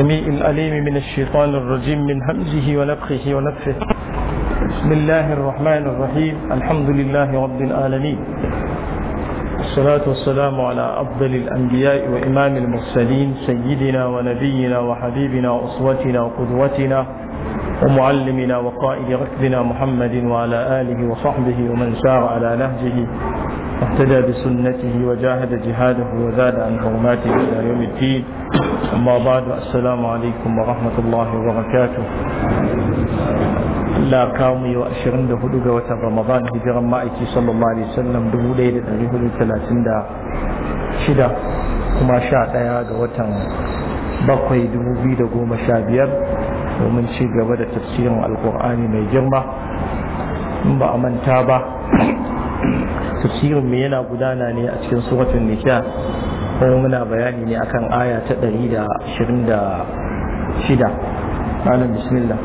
السميع الأليم من الشيطان الرجيم من همزه ونفخه ونفخه بسم الله الرحمن الرحيم الحمد لله رب العالمين والصلاة والسلام على أفضل الأنبياء وإمام المرسلين سيدنا ونبينا وحبيبنا وأسوتنا وقدوتنا ومعلمنا وقائد ركبنا محمد وعلى آله وصحبه ومن سار على نهجه واهتدى بسنته وجاهد جهاده وزاد عن حرماته الى يوم الدين اما بعد السلام عليكم ورحمه الله وبركاته لا كامي وأشرين ده هدوغة وتر رمضان هجرا مائكي صلى الله عليه وسلم دهو ليلة أريه لثلاثين ده شدة كما شاء تياغ وتر بقي دهو بيد قوم شابير ومن شيء بدا تفسير القرآن من جرمة من تابع tafsirin mai yana gudana ne a cikin suratun nisa kuma muna bayani ne akan aya ta 126 malam bismillah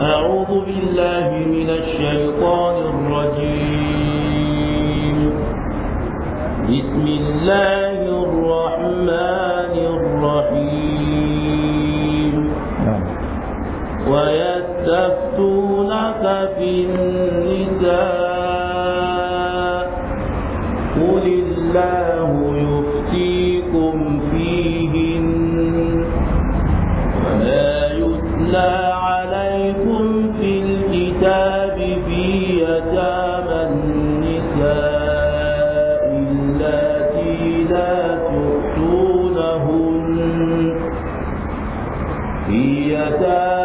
أعوذ بالله من الشيطان الرجيم بسم الله الرحمن الرحيم ويستفتونك في النساء قل الله يفتيكم فيهن وما يتلى عليكم في الكتاب في يتامى النساء اللاتي لا تؤتونهن في يتامى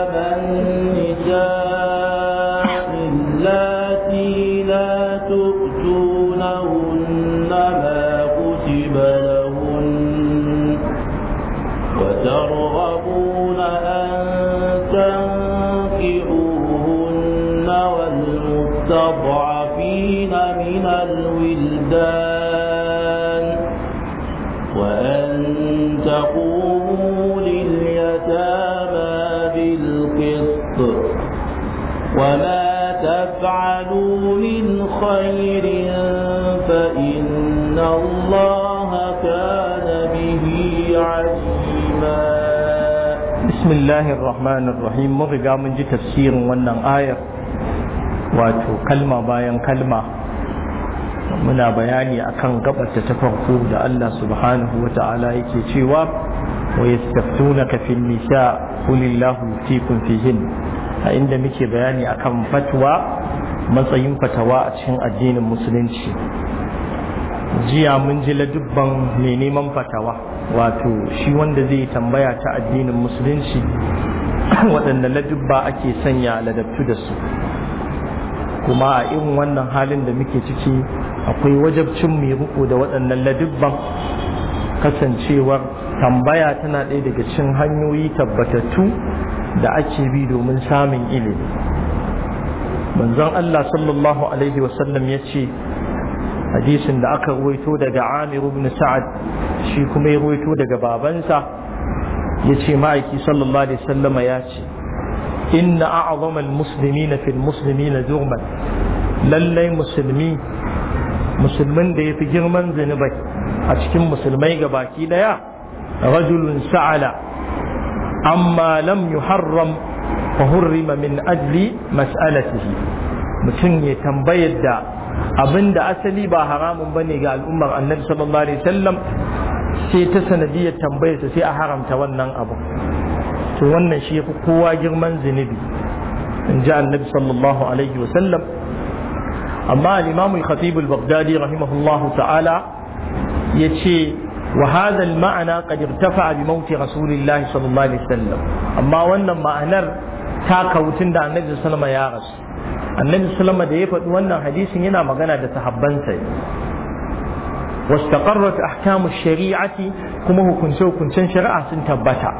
bismillahir rahmanir rahim mun riga mun ji tafsirin wannan ayar wato kalma bayan kalma muna bayani akan gabar ta farko da Allah subhanahu wa ta'ala yake cewa wa yastaftunaka fil nisa qulillahu yuftikum fihin a inda muke bayani akan fatwa matsayin fatawa a cikin addinin musulunci jiya mun ji ladubban mai neman fatawa wato shi wanda zai tambaya ta addinin musulunci waɗanda ladubba ake sanya ladabtu da su kuma a irin wannan halin da muke ciki akwai wajabcin mai ruku da waɗannan ladubban kasancewar tambaya tana ɗaya daga cin hanyoyi tabbatattu da ake bi domin samun ilimi manzon Allah sallallahu alaihi wasallam ya ce hadisin da aka ruwaito daga amir ibn sa'ad shi kuma ya ruwaito daga babansa ya ce ma'aiki sallallahu alaihi wasallama ya ce inna a'zama al-muslimina fil muslimina jurman lallai musulmi musulmin da ya fi girman zunubai a cikin musulmai ga baki daya rajulun sa'ala amma lam yuharram fa hurrima min ajli mas'alatihi mutum ya tambayar da Abin da asali ba haramun ba ne ga al'ummar annabi sallallahu alaihi wasallam sai ta sanadiyar tambayar sai a haramta wannan abu to wannan shi fi kowa girman zunubi in ji annabi sallallahu alaihi wasallam amma al-imam al-khatib al-baghdadi rahimahullah ta'ala yace wa hadha al-ma'na qad irtafa'a bi mawt rasulillah sallallahu alaihi wasallam amma wannan ma'anar ta kautun da annabi sallallahu alaihi wasallam ya rasu annabi sallama da ya faɗi wannan hadisin yana magana da sahabbansa واستقرت أحكام الشريعة كما هو كنسو كنسن شرعة سن تبتا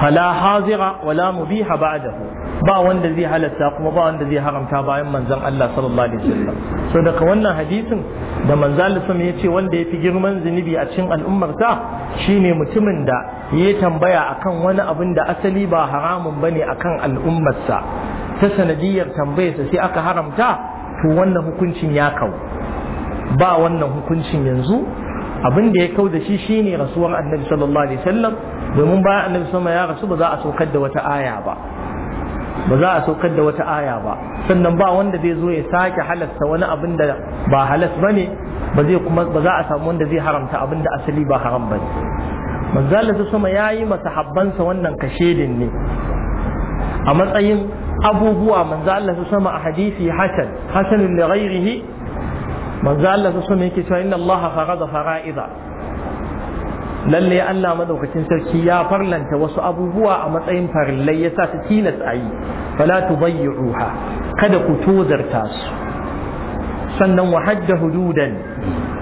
فلا حاضر ولا مبيح بعده ba wanda zai halatta kuma ba wanda zai haramta bayan manzon Allah sallallahu alaihi wasallam so daga wannan hadisin da manzon Allah ya ce wanda yafi girman zunubi a cikin al'ummarsa. shine mutumin da ya tambaya akan wani abin da asali ba haramun bane akan al'ummarsa ta sanadiyar tambayarsa sai aka haramta to wannan hukuncin ya kau ba wannan hukuncin yanzu abin da ya kau da shi shine rasuwar annabi sallallahu alaihi wasallam domin bayan annabi sama ya rasu ba za a saukar da wata aya ba ba za a saukar da wata aya ba sannan ba wanda zai zo ya sake halasta wani abin da ba halas ba ne ba zai kuma ba za a samu wanda zai haramta abin da asali ba haram ba ne manzala su sama ya yi masahabbansa wannan kashedin ne a matsayin abubuwa manzala su sama a hadisi hasan hasanun da ghairihi manzala su sama yake cewa inna allaha farada fara'iza. lalle Allah madaukakin sarki ya farlanta wasu abubuwa a matsayin farillai yasa ta tilas a yi fala tubayyi'uha kada ku tozarta su sannan wa hajja hududan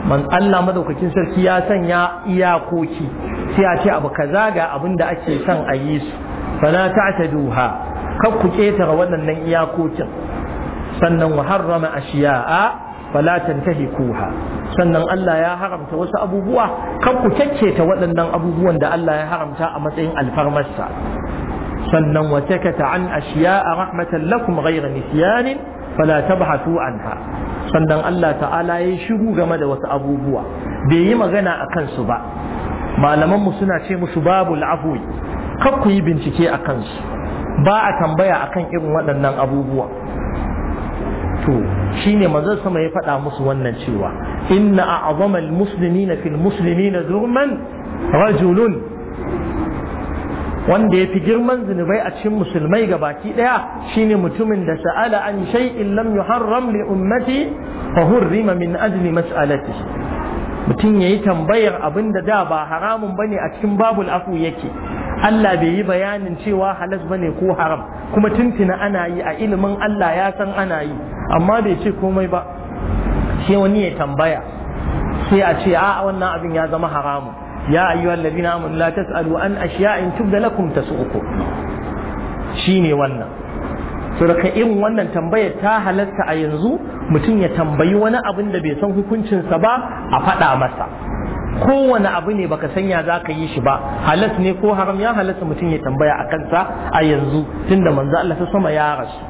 man Allah madaukakin sarki ya sanya iyakoki sai a ce abu kaza ga abin da ake son a yi su fala duha kar ku ketara waɗannan iyakokin sannan wa harrama ashiya'a fala tantahikuha sannan Allah ya haramta wasu abubuwa kan ku ta waɗannan abubuwan da Allah ya haramta a matsayin alfarmarsa sannan wa takata an a rahmatan lakum ghayra nisyanin fala tabhatu anha sannan Allah ta'ala ya shiru game da wasu abubuwa bai yi magana a kansu ba malaman mu suna ce musu babu afwi kar ku yi bincike a kansu ba a tambaya akan irin waɗannan abubuwa to shine manzon sama ya faɗa musu wannan cewa inna a'zama al-muslimina fil na zurman rajulun wanda ya fi girman zunubai a cikin musulmai ga baki ɗaya shine mutumin da sa'ala an in lam yuharram li ummati fa hurrima min ajli mas'alati mutum yayi tambayar abin da da ba haramun bane a cikin babul afu yake Allah bai yi bayanin cewa halas bane ko haram kuma tuntuna ana yi a ilimin Allah ya san ana yi amma bai ce komai ba sai wani ya tambaya sai a ce a wannan abin ya zama haramu ya ayyuhal ladina amanu la tasalu an ashiya'in tubda lakum tasu'ukum shine wannan saboda irin wannan tambayar ta halatta a yanzu mutum ya tambayi wani abin da bai san hukuncinsa ba a faɗa masa kowane abu ne baka sanya za ka yi shi ba halas ne ko haram ya halasta mutum ya tambaya a kansa a yanzu tunda manzo Allah ta sama ya rasu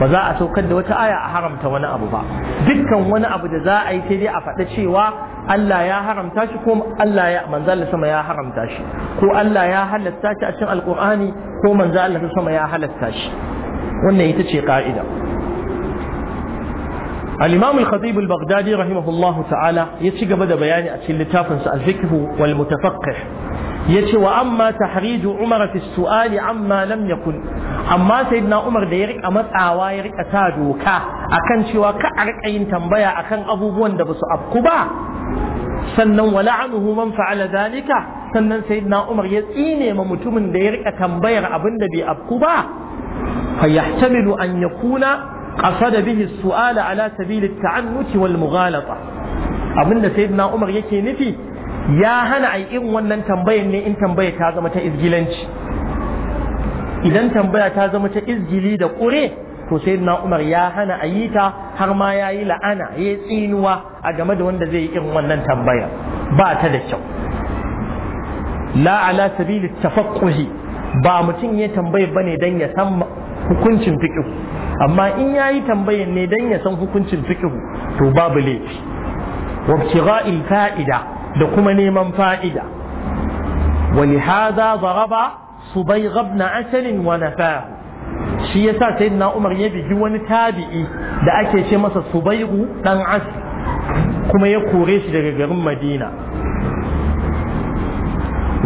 ba za a saukar da wata aya a haramta wani abu ba dukkan wani abu da za a yi sai dai a faɗa cewa Allah ya haramta shi ko Allah ya manzo Allah sama ya haramta shi ko Allah ya halasta shi a cikin alqur'ani ko manzo Allah sama ya halasta shi wannan ita ce ka'ida al-imam al-khatib al-baghdadi rahimahullahu ta'ala ya ci gaba da bayani a cikin littafin sa al-fiqh wal mutafaqqih yace wa amma tahrij umar fi su'ali amma lam yakun amma sayyidina umar da ya rika matsawa ya rika ta doka akan cewa ka a rika yin tambaya akan abubuwan da basu afku ba sannan wa la'anuhu man fa'ala zalika sannan sayyidina umar ya tsine ma mutumin da ya rika tambayar abin da bai afku ba fa yahtamilu an yakuna qasada bihi su'ala ala sabil at-ta'annuti wal mughalata abinda sayyidina Umar yake nufi ya hana ai irin wannan tambayar ne in tambayar ta zama ta izgilanci idan tambaya ta zama ta izgili da ƙure to sayyidina Umar ya hana a yi ta har ma ya yi la'ana ya tsinuwa a game da wanda zai yi irin wannan tambayar. ba ta da kyau la ala sabili ba mutum ya tambaye bane dan ya san hukuncin fiqh amma in yayi tambayan ne dan ya san hukuncin fikihu to babu laifi wabtigha'il fa'ida da kuma neman fa'ida ولهذا ضرب صبيغ بن wani ونفاه shi yasa sayyidina Umar ya bigi wani tabi'i da ake ce masa Subairu dan As kuma ya kore shi daga garin Madina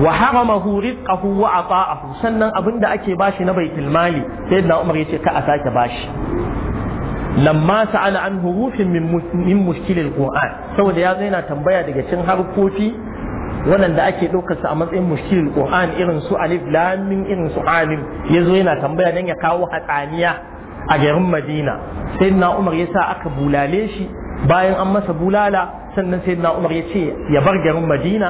wa haramahu rizqahu wa ata'ahu sannan abinda ake bashi na baitul mali sayyidina umar yace ka a sake bashi lamma sa'ala an hurufin min mushkilil qur'an saboda ya zo yana tambaya daga cikin harfofi waɗanda ake ɗaukar su a matsayin mushkilil qur'an irin su alif lam irin su alim yazo yana tambaya dan ya kawo hatsaniya a garin madina sayyidina umar yasa aka bulale shi bayan an masa bulala sannan sayyidina umar yace ya bar garin madina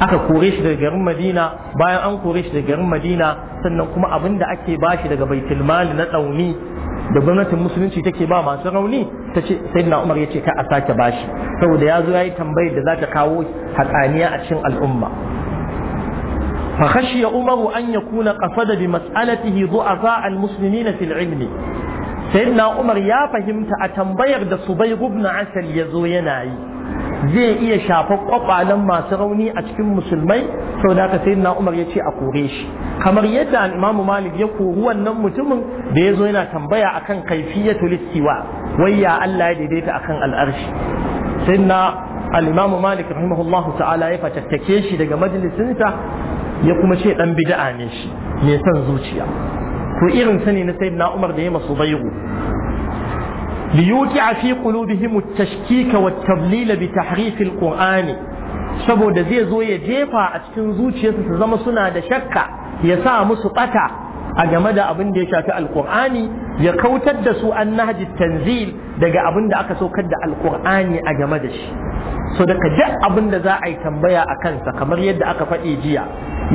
aka kore shi daga garin madina bayan an kore shi daga garin madina sannan kuma abin da ake bashi daga baitul mali na tsauni da gwamnatin musulunci take ba masu rauni ta ce umar ya ce ka a sake bashi saboda ya zo ya yi tambayar da za ta kawo hatsaniya a cikin al'umma فخشي عمر أن يكون قصد بمسألته ضعفاء المسلمين في العلم سيدنا عمر يا فهمت أتنبير دا صبيغ بن عسل يزو يناي zai iya shafa kwakwalen masu rauni a cikin musulmai sau da aka sai na umar ya ce a kore shi kamar yadda imamu malik ya kori wannan mutumin da ya zo yana tambaya akan ya istiwa wai ya Allah ya daidaita akan al'arshi sai na al malik rahimahullah ta'ala ya fatattake shi daga majalisinsa ya kuma ce dan bid'a ne shi mai son zuciya to irin sani na sayyidina umar da ya masu bairu Liyuki fi qulubihim at-tashkika wat-tadlil bi qurani saboda zai zo ya jefa a cikin zuciyarsu su zama suna da shakka ya sa musu ɓata a game da abin da ya shafi alkur'ani ya kautar da su an nahaji tanzil daga abin da aka saukar da alkur'ani a game da shi so daga duk abin da za a yi tambaya a kansa kamar yadda aka faɗi jiya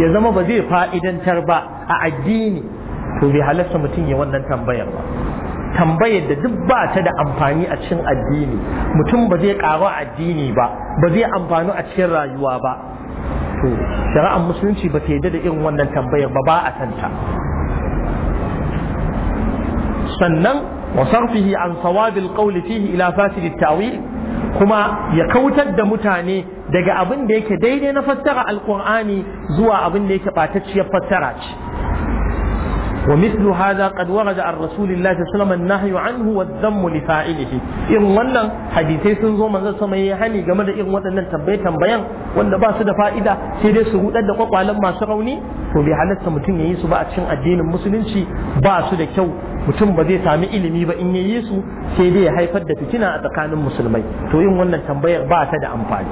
ya zama ba zai fa'idantar ba a addini to bai halarta mutum ya wannan tambayar ba tambayar da duk ba ta da amfani a cikin addini mutum ba zai karu a addini ba ba zai amfani a cikin rayuwa ba to shari'ar musulunci ba ta yarda da irin wannan tambayar ba ba a santa sannan wasarfihi sarfihi an sawabil qawli fihi ila at-tawil kuma ya kautar da mutane daga abin da yake daidai na fassara alqur'ani zuwa abin da yake batacciyar fassara ce ومثل هذا قد ورد عن رسول الله صلى الله عليه وسلم النهي عنه والذم لفاعله ان wannan hadisai sun zo manzon sama yayi hani game da irin waɗannan tambaye tambayan wanda ba su da fa'ida sai dai su rudar da kwakwalen masu rauni to bai halatta mutum yayi su ba a cikin addinin musulunci ba su da kyau mutum ba zai sami ilimi ba in yayi su sai dai ya haifar da fitina a tsakanin musulmai to yin wannan tambayar ba ta da amfani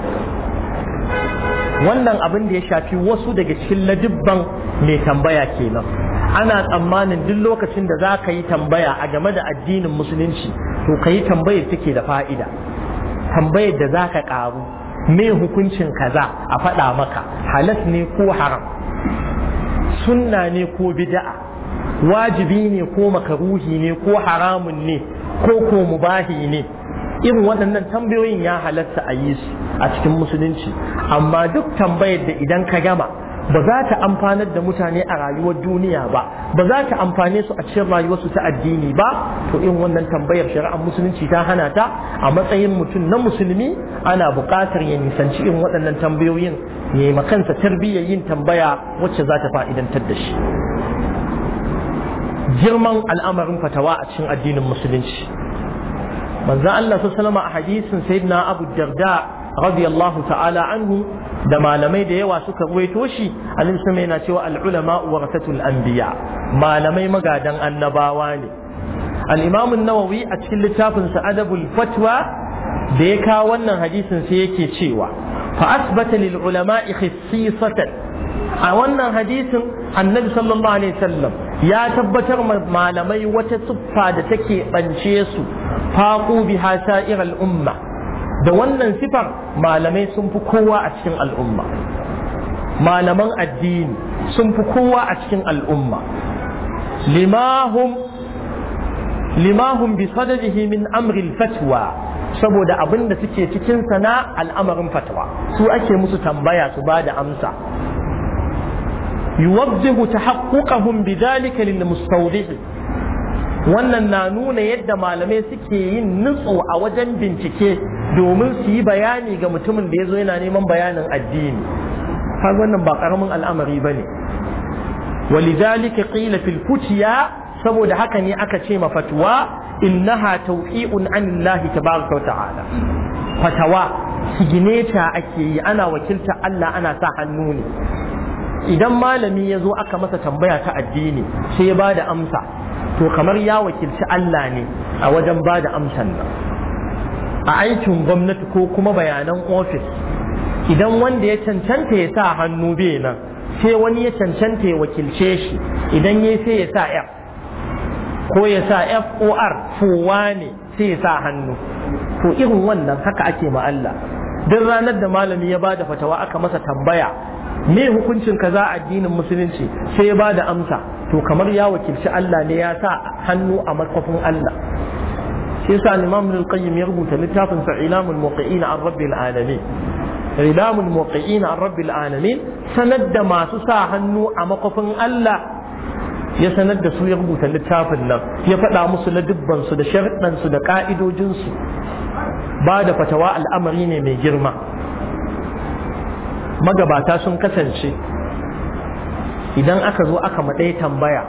wannan abin da ya shafi wasu daga cikin ladibban mai tambaya kenan ana tsammanin duk lokacin da za ka yi tambaya a game da addinin musulunci to ka yi tambayar take da fa'ida tambayar da za ka ƙaru me hukuncin kaza a faɗa maka halas ne ko haram sunna ne ko bid'a wajibi ne ko makaruhi ne ko haramun ne ko ko mubahi ne irin waɗannan tambayoyin ya halatta a yi su a cikin musulunci amma duk tambayar da idan ka gama ba za ta amfanar da mutane a rayuwar duniya ba ba za ta amfane su a cikin rayuwarsu ta addini ba to in wannan tambayar shari'ar musulunci ta hana ta a matsayin mutum na musulmi ana buƙatar ya nisanci in waɗannan tambayoyin ya yi makansa tarbiyyar yin tambaya wacce za ta fa'idantar da shi girman al'amarin fatawa a cikin addinin musulunci manzo Allah sallallahu alaihi wasallam a hadisin sayyidina Abu Darda radiyallahu ta'ala anhu da malamai da yawa suka ruwaito shi annabi sama yana cewa al-ulama warasatul anbiya malamai magadan annabawa ne al-imam an-nawawi a cikin littafin sa adabul fatwa da ya kawo wannan hadisin sai yake cewa fa asbata lil ulama'i khissisatan a wannan hadisin annabi sallallahu alaihi wasallam ya tabbatar malamai wata siffa da take bance su faqu biha sa'iral umma da wannan sifar malamai sun fi kowa a cikin al'umma malaman addini sun fi kowa a cikin al'umma limahum limahum bi sadadihi min amril fatwa saboda abin da suke cikin sana al'amarin fatwa su ake musu tambaya su ba da amsa yuwaddihu tahaqquqahum bidhalika wannan na nuna yadda malamai suke yin nutsu a wajen bincike domin su yi bayani ga mutumin da ya zo yana neman bayanin addini har wannan ba karamin al'amari ba ne walidhalika qila fil futiya saboda haka ne aka ce ma fatwa innaha tawqi'un anillahi tabaraka wa ta'ala fatawa sigineta ake yi ana wakilta Allah ana sa hannu ne idan malami ya zo aka masa tambaya ta addini sai ya bada amsa to kamar ya wakilci Allah ne a wajen bada amsan nan a aikin gwamnati ko kuma bayanan ofis idan wanda ya cancanta ya sa hannu bai nan sai wani ya cancanta ya wakilce shi idan ya sai ya sa f ko ya sa for fowa ne sai ya sa hannu to irin wannan haka ake ma Allah duk ranar da malami ya ba da fatawa aka masa tambaya me hukuncin kaza addinin musulunci sai ya bada amsa to kamar ya wakilci Allah ne ya sa hannu a makwafin Allah shi yasa al-imam al-qayyim ya rubuta littafin sa ilamul muqiin an rabbil alamin ilamul an rabbil alamin sanad da masu sa hannu a makofin Allah ya sanar da su ya rubuta littafin nan ya faɗa musu ladubban su da sharɗan su da ƙa'idojin su ba da fatawa al'amari ne mai girma magabata sun kasance idan aka zo aka maɗaya tambaya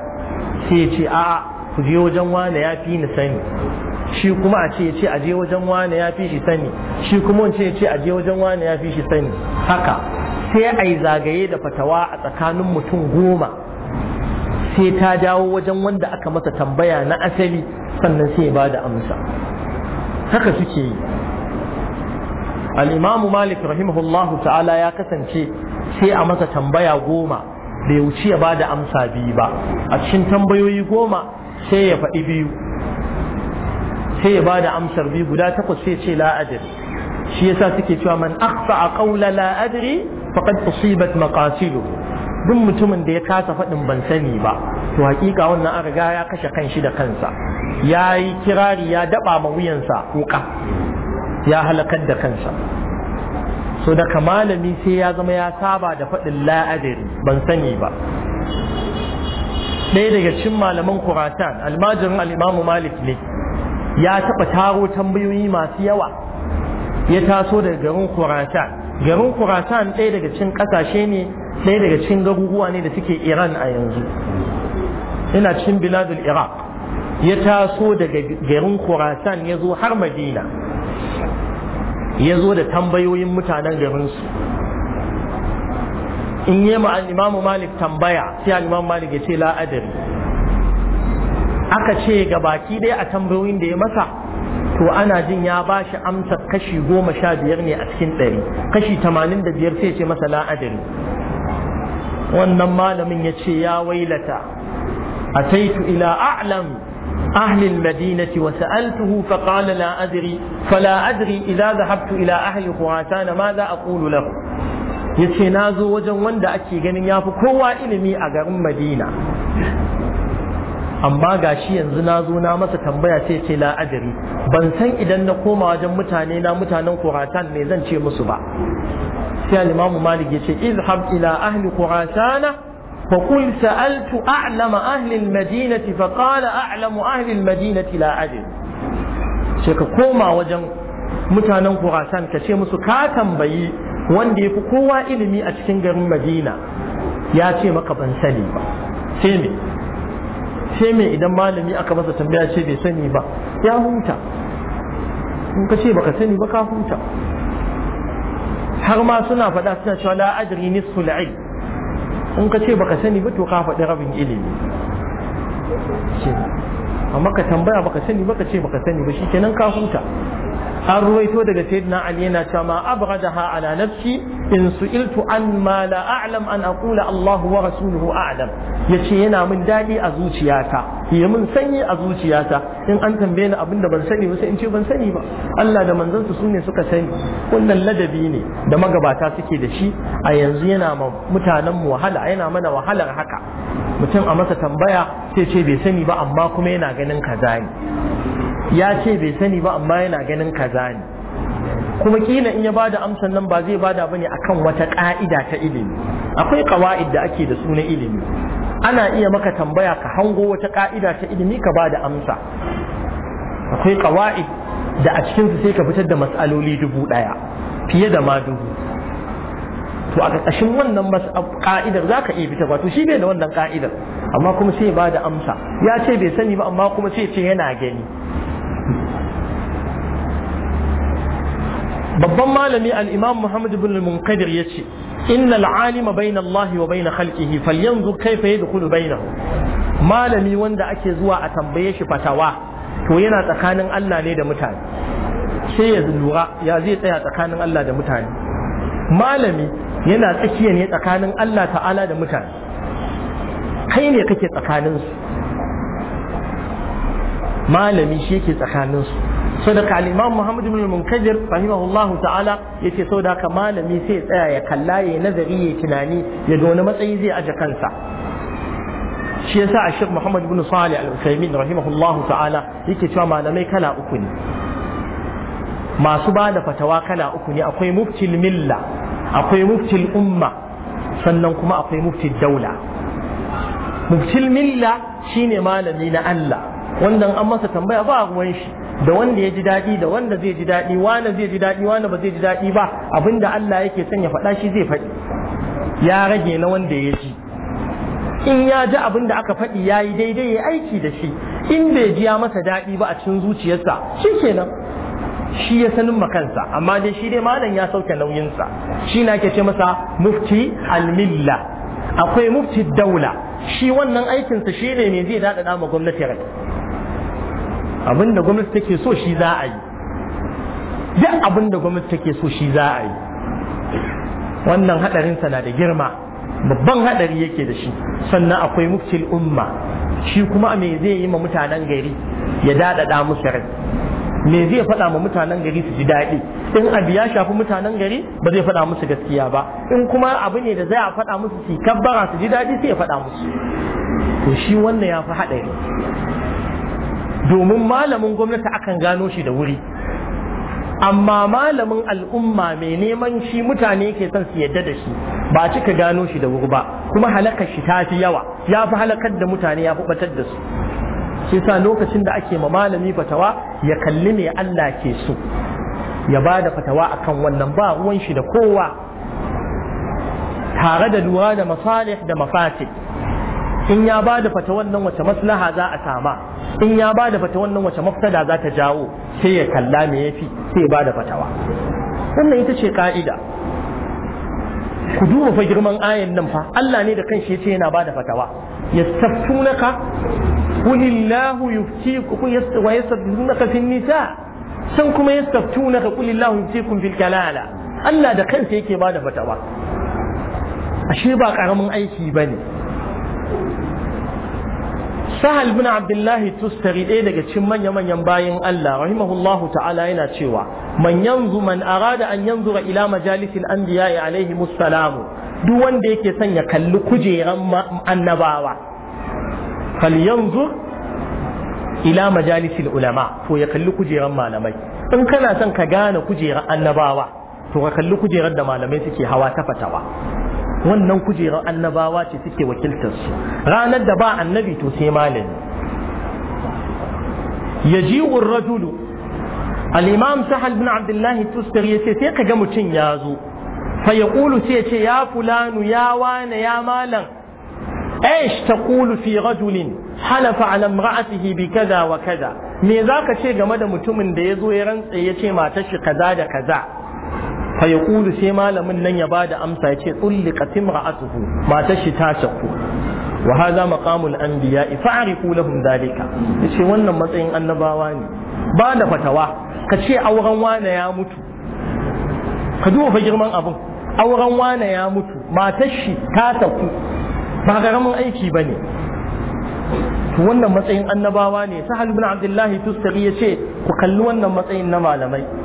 sai ce a'a ku je wajen wane ya fi ni sani shi kuma a ce ya ce aje wajen wane ya fi shi sani shi kuma a ya ce aje wajen wane ya fi shi sani haka sai a yi zagaye da fatawa a tsakanin mutum goma sai ta dawo wajen wanda aka masa tambaya na asali sannan sai ba da amsa haka suke yi al'imamu malik rahimahullahu ta'ala ya kasance sai a masa tambaya goma bai wuce ya ba da amsa biyu ba a cikin tambayoyi goma sai ya faɗi biyu sai ya bada amsar biyu guda takwas sai ce la adri shi yasa suke cewa man akhfa qawla la adri faqad usibat maqasidu duk mutumin da ya kasa faɗin ban sani ba to hakika wannan an riga ya kashe kanshi da kansa ya yi kirari ya daba ma wuyansa wuka ya halakar da kansa so daga malami sai ya zama ya saba da faɗin la'adari ban sani ba ɗaya daga cin malaman kuratan almajirin al'imamu malik ne ya taɓa taro tambayoyi masu yawa ya taso daga garin Khurasan garin Khurasan ɗaya daga cikin ƙasashe ne ɗaya daga cikin garuruwa ne da suke Iran a yanzu ina cikin biladul Iraq ya taso daga garin Khurasan ya zo har Madina ya zo da tambayoyin mutanen garinsu in yi ma imamu Malik tambaya sai imamu Malik ya ce la adari aka ce ga baki ɗaya a tambayoyin da ya masa to ana jin ya ba shi amsa kashi goma sha biyar ne a cikin ɗari kashi tamanin da biyar sai ce masa la'adari wannan malamin ya ce ya wailata ataitu ila a'lam fa المدينة وسألته فقال لا أدري فلا أدري إذا ذهبت إلى أهل خراسان ماذا أقول له yace na zo wajen wanda ake ganin ya fi kowa ilimi a garin madina amma gashi yanzu na zo na masa tambaya sai ce la ban san idan na koma wajen mutane na mutanen kuratan me zan ce musu ba sai al Malik ya ce izhab ila ahli Khurasana fa qul sa'altu a'lama ahli al-Madinati fa qala a'lamu ahli madinati la sai ka koma wajen mutanen kuratan ka ce musu ka tambayi wanda ya fi kowa ilimi a cikin garin Madina ya ce maka ban sani ba sai me sai mai idan malami aka masa tambaya ce bai sani ba ya huta in ka ce baka sani ba ka huta har ma suna faɗa suna cewa la adri nisfu al in ka ce baka sani ba to ka faɗi rabin ilimi amma ka tambaya baka sani baka ce baka sani ba shikenan ka huta an ruwaito daga sayyidina ali yana cewa ma da ala nafsi in su'iltu an ma la a'lam an aqula Allah wa rasuluhu a'lam yace yana min dadi a zuciyata ya min sanyi a zuciyata in an tambaye ni abinda ban sani ba sai in ce ban sani ba Allah da manzansa su ne suka sani wannan ladabi ne da magabata suke da shi a yanzu yana ma mutanen mu wahala yana mana wahalar haka mutum a masa tambaya sai ce bai sani ba amma kuma yana ganin kaza ne ya ce bai sani ba amma yana ganin kaza ne kuma kila in ya bada amsan nan ba zai bada bane akan wata ka'ida ta ilimi akwai qawaid da ake da su na ilimi ana iya maka tambaya ka hango wata ka'ida ta ilimi ka bada amsa akwai qawaid da a cikin su sai ka fitar da mas'aloli dubu daya fiye da ma dubu to a ƙarƙashin wannan ka'idar za ka iya ba to shi bai da wannan ka'idar amma kuma sai ba da amsa ya ce bai sani ba amma kuma sai ce yana gani babban malami al-imam muhammad ibn al-munqadir yace inna al-alima bayna Allah wa bayna khalqihi falyanzur kayfa yadkhulu bainahu malami wanda ake zuwa a tambaye shi fatawa to yana tsakanin Allah ne da mutane sai ya lura ya zai tsaya tsakanin Allah da mutane malami yana tsakiya ne tsakanin Allah ta'ala da mutane kai ne kake tsakaninsu malami shi yake tsakaninsu sadaka al-imam Muhammad ibn al-Munkajir rahimahullah ta'ala yace saboda haka malami sai tsaya ya kalla ya nazari ya tunani ya ga wani matsayi zai aje kansa shi yasa a shirin Muhammad ibn Salih al-Utsaimin rahimahullah ta'ala yake cewa malamai kala uku ne masu ba da fatawa kala uku ne akwai muftil milla akwai muftil umma sannan kuma akwai muftil daula muftil milla shine malami na Allah wanda an masa tambaya ba ruwan shi da wanda ya ji daɗi da wanda zai ji daɗi wanda zai ji daɗi wanda ba zai ji daɗi ba abinda Allah yake son ya faɗa shi zai faɗi ya rage na wanda ya ji in ya ji abin da aka faɗi ya yi daidai ya aiki da shi in bai ji ya masa daɗi ba a cikin zuciyarsa shi kenan shi ya sanin makansa amma dai shi dai malam ya sauke nauyinsa shi na ke ce masa mufti almilla akwai mufti daula shi wannan aikinsa shi ne mai zai daɗaɗa ma gwamnati rai abin da gwamnati take so shi za a yi duk abin da gwamnati take so shi za a yi wannan haɗarinsa na da girma babban hadari yake da shi sannan akwai muftil umma shi kuma me zai yi ma mutanen gari ya daɗaɗa musu rai me zai faɗa ma mutanen gari su ji daɗi in abu ya shafi mutanen gari ba zai faɗa musu gaskiya ba in kuma abu ne da zai a faɗa musu su kabbara su ji daɗi sai ya faɗa musu to shi wannan ya fi haɗari domin malamin gwamnati akan gano shi da wuri amma malamin al'umma mai neman shi mutane ke son su yadda da shi ba cika gano shi da wuri ba kuma halakar shi ta fi yawa ya fi halakar da mutane ya fi batar da su shi sa lokacin da ake ma malami fatawa ya kalli mai Allah ke so ya ba da fatawa akan wannan ba ruwan shi da kowa tare da lura da masalih da mafatih in ya ba da fatawan nan wace maslaha za a sama in ya ba da fata wannan wace mafsada za ta jawo sai ya kalla me yafi sai ba da fatawa wannan ita ce ka'ida ku duba fa girman ayan nan fa Allah ne da kanshi yace yana bada fatawa yastaftunaka qulillahu yuftikum wa yastaftunaka fin nisa san kuma yastaftunaka qulillahu yuftikum fil kalala Allah da kansa yake bada fatawa ashe ba karamin aiki bane sahal bin abdullahi tustari ɗaya daga cikin manya-manyan bayan Allah rahimahullahu ta'ala yana cewa man yanzu man arada an yanzu ra ila majalisin anbiya alaihi musallamu duk wanda yake son ya kalli kujeran annabawa fal yanzu ila majalisin ulama to ya kalli kujeran malamai in kana son ka gane kujeran annabawa to ka kalli kujeran da malamai suke hawa ta fatawa wannan kujerar annabawa ce suke wakiltarsu ranar da ba annabi to sai malami ya ji dulu, al'imam sahal bin abdullahi tuskar ya ce sai ka ga mutum ya zo Kulu sai ce ya fulanu ya wane ya malam ايش تقول في رجل حلف على امرأته بكذا وكذا me za ka ce game da mutumin da ya zo ya rantse ya ce matar shi kaza da kaza fa sai malamin nan ya bada amsa ya ce tulliqat imra'atuhu matar shi ta shakku wa hadha maqamul anbiya fa'rifu lahum dalika yace wannan matsayin annabawa ne ba da fatawa ka ce auren wane ya mutu ka duba fa girman abin auren wane ya mutu matar shi ta shakku ba karamin aiki bane to wannan matsayin annabawa ne sahal ibn abdullahi tustari yace ku kalli wannan matsayin na malamai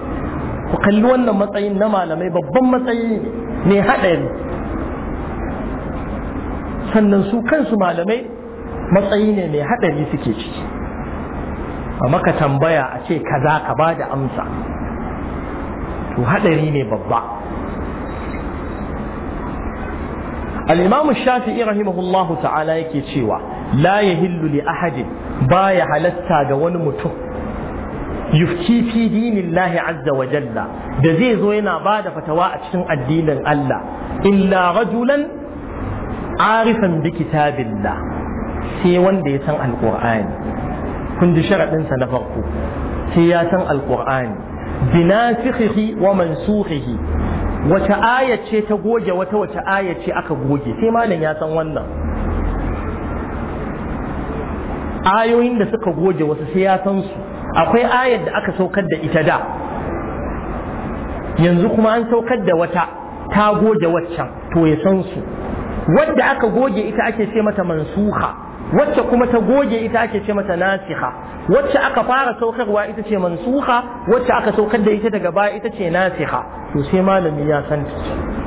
ku kalli wannan matsayin na malamai babban matsayi ne haɗari sannan su kansu malamai matsayi ne mai haɗari suke ciki a maka tambaya a ce kaza ka ba da amsa to haɗari ne babba al'imamu shafi'i rahimahullahu ta'ala yake cewa la ya hillu li ahadin baya ya halatta ga wani mutum Yufki fi dinillahi azza wa jalla da zai zo yana ba da fatawa a cikin addinin Allah illa rajulan arifan bi kitabillah sai wanda ya san alqur'ani kun ji sharadin sa na farko sai ya san alqur'ani binasikhihi wa mansukhihi wata aya ce ta goge wata wata aya ce aka goge sai malam ya san wannan ayoyin da suka goge wasu sai ya san su akwai ayar da aka saukar da ita da yanzu kuma an saukar da wata ta goge waccan to ya san su wadda aka goge ita ake ce mata mansuha wacce kuma ta goge ita ake ce mata nasiha wacce aka fara saukarwa ita ce mansuha wacce aka saukar da ita daga baya ita ce nasiha to sai malami ya san ta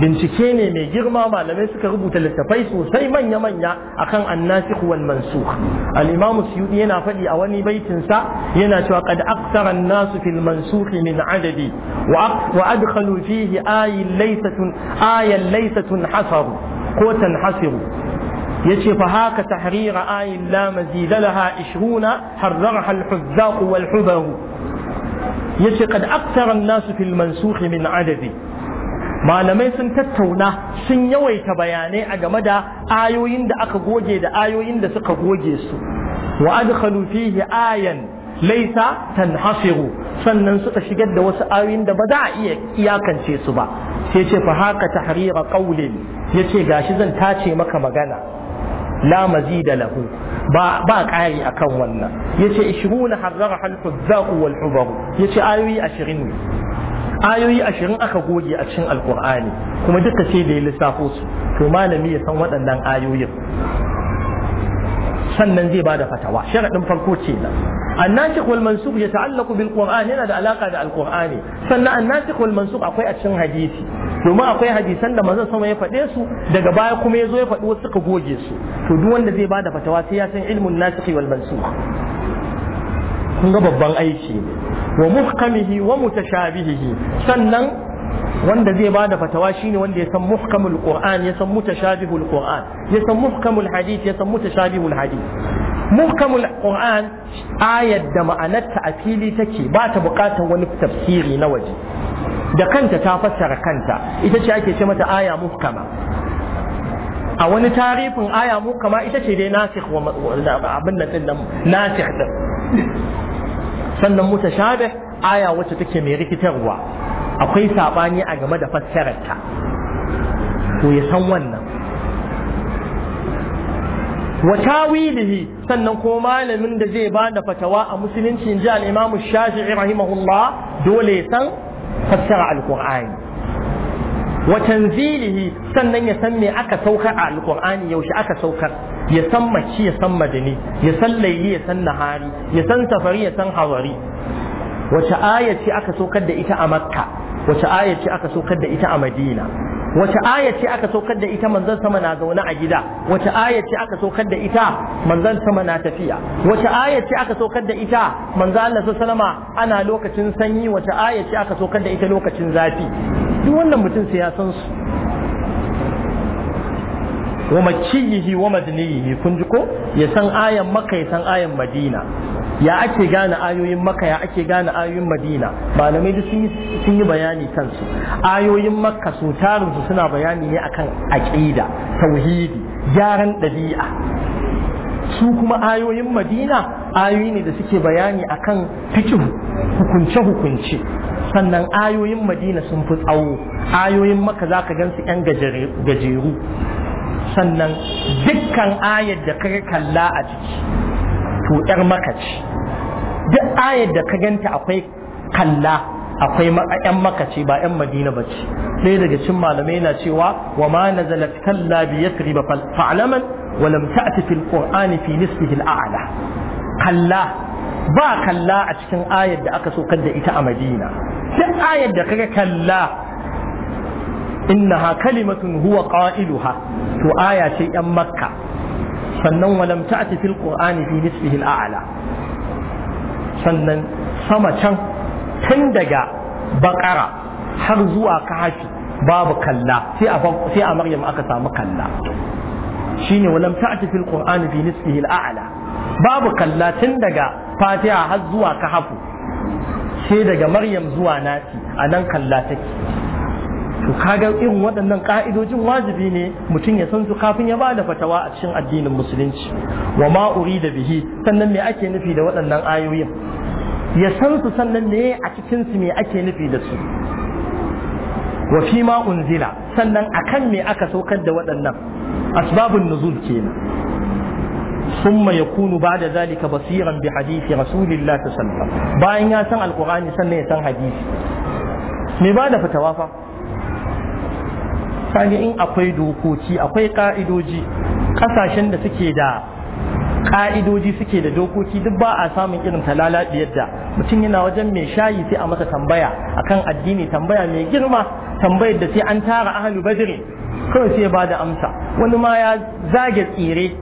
bincike ne mai girma malamai suka rubuta littafai sosai manya-manya akan annasikh wal mansukh al imamu suyuti yana faɗi a wani baitin sa yana cewa qad aktsara an-nasu fil mansukh min adadi wa adkhalu fihi ayin laysatun ayan hasaru ko tanhasiru yace fa haka tahrira ayin la mazida laha 20 harraha al-huzzaq wal hubahu yace qad aktsara an-nasu fil mansukh min adadi malamai sun tattauna sun yawaita bayanai a game da ayoyin da aka goge da ayoyin da suka goge su wa adkhalu fihi ayan laisa tanhasiru sannan suka shigar da wasu ayoyin da ba za a iya iyakance su ba sai ce fa haka tahrira qawlin yace gashi zan tace maka magana la mazida lahu ba ba ƙari akan wannan yace 20 harrar hal huzzaq wal hubar yace ayoyi 20 ayoyi ashirin aka goge a cikin alkur'ani kuma duka sai da ya lissafo su to malami ya san waɗannan ayoyin sannan zai bada fatawa sharaɗin farko ce nan annasikh wal mansukh yata'allaqu bil qur'an yana da alaka da alqur'ani sannan annasikh wal mansukh akwai a cikin hadisi domin akwai hadisan da manzon sama ya faɗe su daga baya kuma ya zo ya faɗi wasu suka goge su to duk wanda zai bada fatawa sai ya san ilmun nasikh wal kun ga babban aiki ne wa muhkamihi wa mutashabihihi sannan wanda zai ba da fatawa shine wanda ya san muhkamul qur'an ya san mutashabihul qur'an ya san muhkamul hadith ya san mutashabihul hadith muhkamul qur'an ayat da ma'anarta a fili take ba ta bukatar wani tafsiri na waje da kanta ta fassara kanta ita ce ake ce mata aya muhkama a wani tarifin aya muhkama ita ce dai nasikh wa abin nan nasikh din sannan mutashabih aya wacce take mai rikitarwa akwai sabani a game da fassararta to ya san wannan wa tawilihi sannan ko malamin da zai ba da fatawa a musulunci in ji al-Imam Shafi'i rahimahullah dole ya san fassara al-Qur'ani wa tanzilihi sannan ya san me aka saukar a alqur'ani yaushe aka saukar ya san mace ya san madani ya san laili ya san nahari ya san safari ya san hawari wace aya ce aka saukar da ita a makka wace aya ce aka saukar da ita a madina wace aya ce aka saukar da ita manzon sama na zaune a gida wace aya ce aka saukar da ita manzon sama na tafiya wace aya ce aka saukar da ita manzon Allah sallama ana lokacin sanyi wace aya ce aka saukar da ita lokacin zafi duk wannan mutum sai ya san su wa maciyihi wa madniyihi kun ji ko ya san ayan maka ya san ayan madina ya ake gane ayoyin maka ya ake gane ayoyin madina malamai duk sun yi bayani kansu ayoyin makka su tarin suna bayani ne akan aqida tauhidi gyaran ɗabi'a su kuma ayoyin madina ayoyi ne da suke bayani akan fikihu hukunce hukunce sannan ayoyin madina sun fi tsawo ayoyin maka za ka gansu 'yan gajeru sannan dukkan ayar da ka kalla a ciki to 'yar maka ce duk ayar da ka ganta akwai kalla akwai 'yan maka ce ba 'yan madina ba ce sai daga cin malamai na cewa wa ma nazalat kalla bi yasri ba fa'alaman wa lam ta'ti fil qur'ani fi nisbihi al a'la kalla ba kalla a cikin ayar da aka sokar da ita a madina duk ayar da kaga kalla innaha kalimatun huwa qailuha to aya ce yan makka sannan walam ta'ti fil qur'ani fi nisbihi al'ala sannan sama can tun daga bakara har zuwa kahafi babu kalla sai a sai a maryam aka samu kalla shine walam ta'ti fil qur'ani fi nisbihi al'ala babu kalla tun daga fatiha har zuwa ka hafu sai daga maryam zuwa nasi a nan kalla take to ga irin waɗannan ƙa'idojin wajibi ne mutum ya san su kafin ya bada fatawa a cikin addinin musulunci wa ma da bihi sannan me ake nufi da waɗannan ayoyin ya san su sannan me a cikin su me ake nufi da su wa fi ma unzila sannan akan me aka saukar da waɗannan asbabun nuzul kenan ثم يكون بعد ذلك بصيرا بحديث رسول الله صلى الله عليه وسلم باين يا سان القرآن سنة يا حديث me ba fitawa fa sani in akwai dokoki akwai ka'idoji kasashen da suke da ka'idoji suke da dokoki duk ba a samun irin talaladiyar da mutum yana wajen mai shayi sai a masa tambaya akan addini tambaya mai girma tambayar da sai an tara ahalu badri kawai sai ba da amsa wani ma ya zage tsire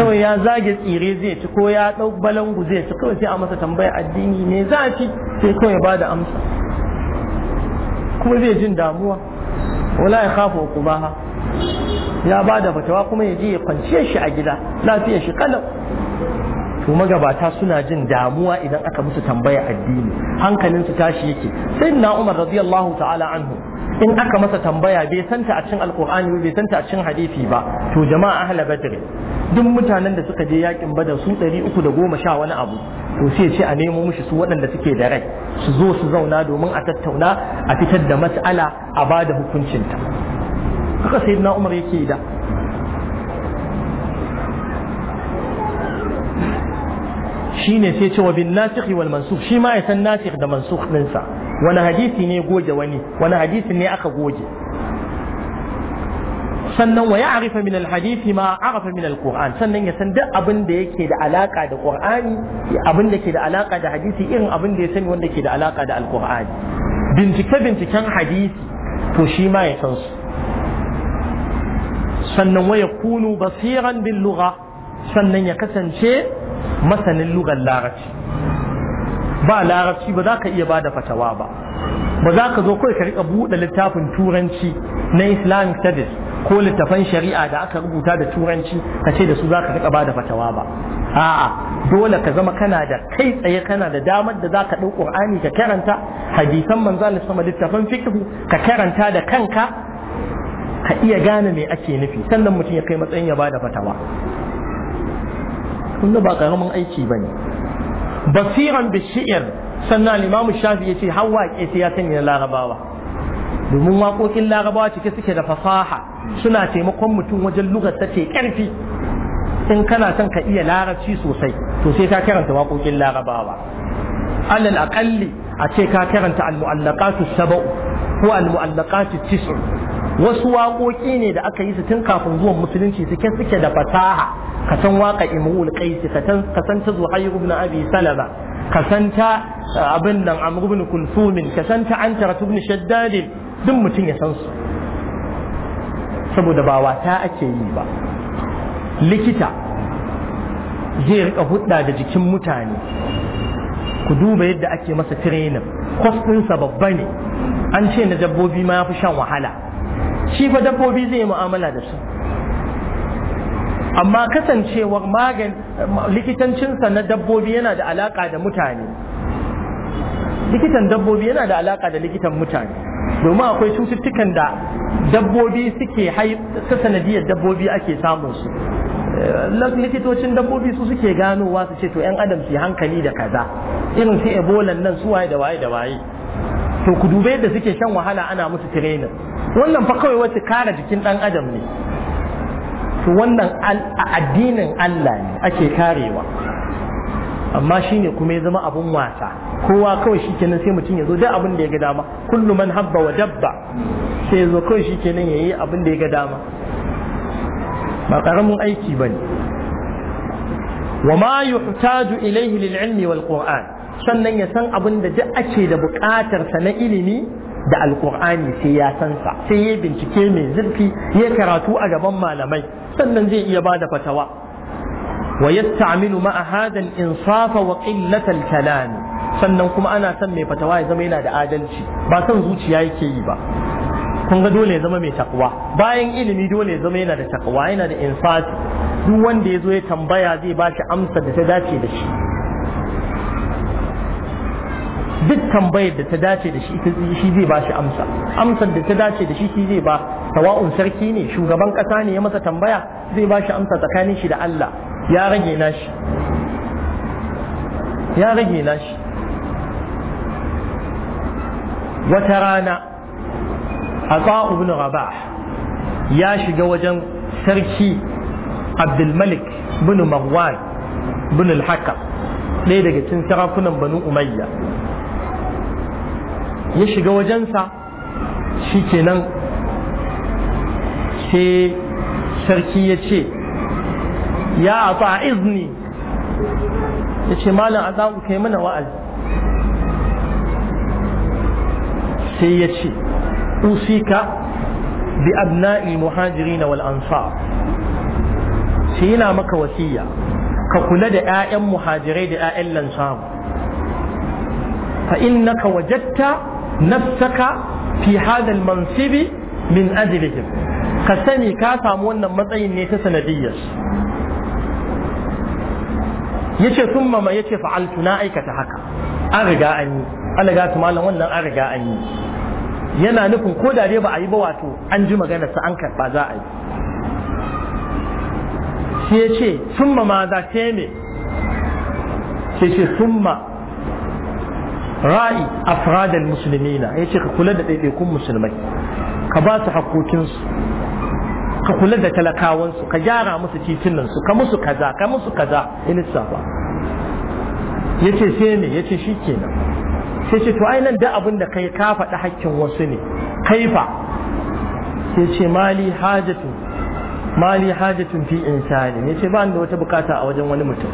kawai ya zage tsire zai ci ko ya ɗau balangu zai ci kawai sai a masa tambaya addini ne za ci sai kawai ba da amsa kuma zai jin damuwa wala ya kafa kubaha ya ba da fatawa kuma ya je ya kwanciya shi a gida lafiyar shi kalau to magabata suna jin damuwa idan aka musu tambaya addini hankalinsu tashi yake sai na umar radiyallahu ta'ala anhu in aka masa tambaya bai santa a cikin alkur'ani bai santa a cikin hadisi ba to jama'a ahla badr duk mutanen da suka je yakin badar su sha wani abu to sai ce a nemo mushi su waɗanda suke da rai su zo su zauna domin a tattauna a fitar da mas'ala a bada hukuncinta haka sayyidina umar yake da Shi ne sai ce wa bin nasikh wal mansukh shi ma ya san nasikh da mansukh ɗinsa wani hadisi ne goge wani wani hadisi ne aka goge sannan wa ya'rifa min alhadisi ma arafa min alquran sannan ya san duk abin da yake da alaka da qur'ani abin da ke da alaka da hadisi irin abin da ya sani wanda ke da alaka da alqur'ani bincike binciken hadisi to shi ma ya san su sannan wa yakunu basiran bil lugha sannan ya kasance masanin lugar larabci ba larabci ba za ka iya ba da fatawa ba ba za ka zo kawai ka rika buɗe littafin turanci na islamic studies ko littafan shari'a da aka rubuta da turanci ka ce da su za ka rika ba da fatawa ba a'a dole ka zama kana da kai tsaye kana da damar da za ka ɗau ƙur'ani ka karanta hadisan manzo sama littafan fikihu ka karanta da kanka ka iya gane me ake nufi sannan mutum ya kai matsayin ya bada fatawa Kunna ba karamin aiki bane basiran bishiyar shi'ir sannan Imam Shafi yace har waƙe sai ya sanya larabawa domin waƙoƙin larabawa cike suke da fasaha suna taimakon mutum wajen lugar ta ce ƙarfi in kana son ka iya larabci sosai to sai ka karanta waƙoƙin larabawa alal aƙalli a ce ka karanta al sab'u ko al-mu'allaqatu tis'u wasu waƙoƙi ne da aka yi su tun kafin zuwan musulunci suke suke da fasaha ka san waka imrul qais ka san ta zuhayr ibn abi salama ka san ta eh, abin nan amr ibn ka san ta antara ibn shaddad duk mutum ya san su saboda ba wata ake yi ba likita zai rika hudda da jikin mutane ku duba yadda ake masa tirenin kwas ɗinsa babba ne an ce na dabbobi ma ya fi shan wahala shi fa dabbobi zai yi mu'amala da su amma kasancewar magan likitancinsa na dabbobi yana da alaƙa da mutane likitan dabbobi yana da alaƙa da likitan mutane domin akwai cututtukan da dabbobi suke ta sanadiyar dabbobi ake samun su eh, likitocin dabbobi su suke ganowa su ce to 'yan adam su hankali da kaza irin su ebola nan su waye da waye da waye to ku dube yadda suke shan wahala ana musu training wannan fa kawai wata kare jikin dan adam ne to wannan addinin Allah ne ake karewa amma shine kuma ya zama abun wasa kowa kawai shi kenan sai mutum ya zo duk abin da ya ga dama kullu man habba wa dabba sai ya kawai shi kenan ya yi abin da ya ga dama ba karamin aiki ba ne wa ma yuhtaju ilaihi lil ilmi wal qur'an sannan ya san abin da duk ake da bukatarsa na ilimi da alkur'ani sai ya san sa sai ya bincike mai zurfi ya karatu a gaban malamai sannan zai iya bada fatawa wa yasta'milu ma'a hadan insafa wa qillatal kalam sannan kuma ana son mai fatawa ya zama yana da adalci ba son zuciya yake yi ba kun ga dole ya zama mai takwa bayan ilimi dole ya zama yana da takwa yana da insafi duk wanda ya zo ya tambaya zai ba shi amsa da ta dace da shi duk tambayar da ta dace da shi shi zai ba shi amsa amsar da ta dace da shi shi zai ba sawa'un sarki ne shugaban kasa ne ya masa tambaya zai ba shi amsa tsakanin shi da Allah ya rage nashi ya rage nashi wata rana a ibn rabah ya shiga wajen sarki abdulmalik bin marwan bin al-hakam ɗaya daga cikin sarakunan banu umayya ya shiga wajensa shi kenan sai sarki ya ce ya a izini ya ce malam a za'u kai mana wa'azi sai ya ce usika bi abna'i muhajirina wal ansar sai yana maka wasiya ka kula da 'ya'yan muhajirai da 'ya'yan lansamu fa innaka wajatta nafsaka fi hadha al-mansibi min ajlihim ka sani ka samu wannan matsayin ne ta sanadiyyar yace thumma ma yace fa'altu na aikata haka an riga an yi an riga malam wannan an riga an yi yana nufin ko da dai ba a yi ba wato an ji magana an karba yi ya ce za ce ra'i afradal muslimina ce ka kula da ɗaiɗaikun musulmai ka ba su haƙoƙinsu ka kula da talakawansu ka gyara musu titunansu ka musu kaza ka musu kaza ya ce yace sai me shi shikenan sai ce to ai nan da abin da kai ka faɗi haƙƙin wasu ne kaifa sai ce mali hajatu mali hajatun fi insani ce ba ni da wata bukata a wajen wani mutum